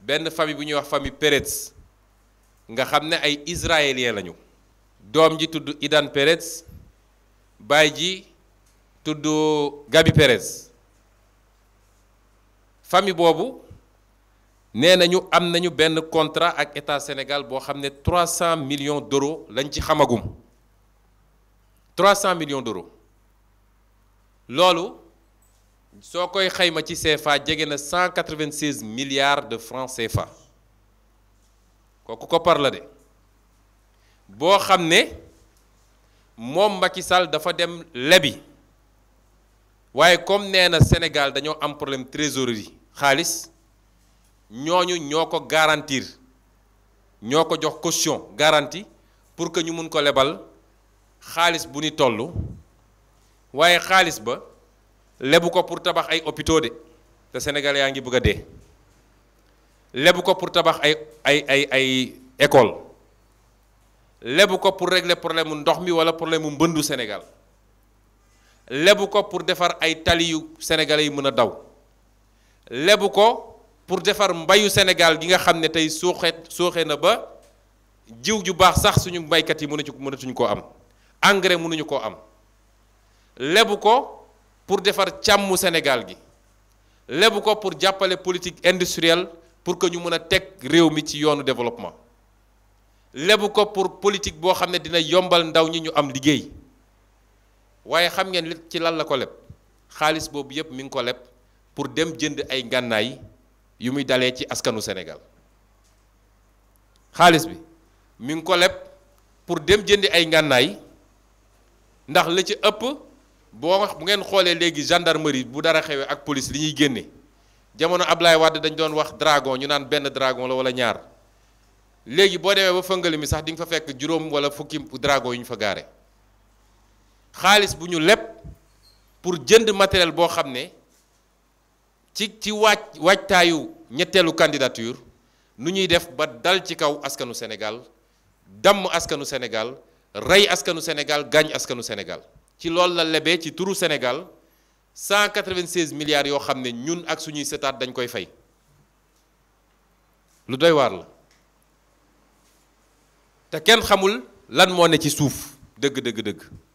benn famille bu ñuy wax famille Peretz nga xam ne ay israélien lañu doom ji tudd Idan Peretz baay ji tudd Gabi Peretz famille boobu nee nañu am nañu benn contrat ak état Sénégal boo xam ne 300 millions d'euros lañ ci xamagum 300 millions d'euros loolu soo koy xayma ci CFA na 196 milliards de francs CFA kooku ko la de dafa dem lebi Waye comme néna Sénégal dañoo am problème trésorerie Nous ñoñu garantir ñoo jox caution garantie pour que ñu puissions ko lébal bu ni tollu waye ba. lebu ko pour tabax ay hôpitaux de te Sénégal yaa ngi bëgg a dee lebu ko pour tabax ay ay ay ay école lebu ko pour régler problème mu ndox mi wala problème mu mbëndu Sénégal lebu ko pour defar ay tali yu sénégalais yi mën a daw lebu ko pour defar mbayu Sénégal gi nga xam ne tey suuxee suuxee na ba jiw ju baax sax suñu mbaykat yi mënatuñu mënatuñu koo am engrais mënuñu koo am lebu ko. pour défendre au Sénégal est pour politique industrielle pour que nous puissions faire développement pour politique qui dina yombal ndaw ñi ñu la ko pour dem jënd ay ngannaay yu muy ci askanu Sénégal xaalis bi mi ngi pour dem jënd ay ngannaay ndax la ci boo wax bu ngeen xoolee léegi gendarmerie bu dara xewee ak police li ñuy génne jamono ab Ablaye Wade dañ doon wax dragon ñu naan benn dragon la wala ñaar léegi boo demee ba fëngali mi sax di nga fa fekk juróom wala fukki dragon yu ñu fa gaare xaalis bu ñu lépp pour jënd matériel boo xam ne ci ci waaj waajtaayu ñetteelu candidature nu ñuy def ba dal ci kaw askanu Sénégal damm askanu Sénégal rey askanu Sénégal gaañ askanu Sénégal ci loolu la lebee ci turu senegal Sénégal 196 milliards yoo xam ne ñun ak suñuy setaat dañu koy fay lu doy waar la te kenn xamul lan moo ne ci suuf dëgg dëgg dëgg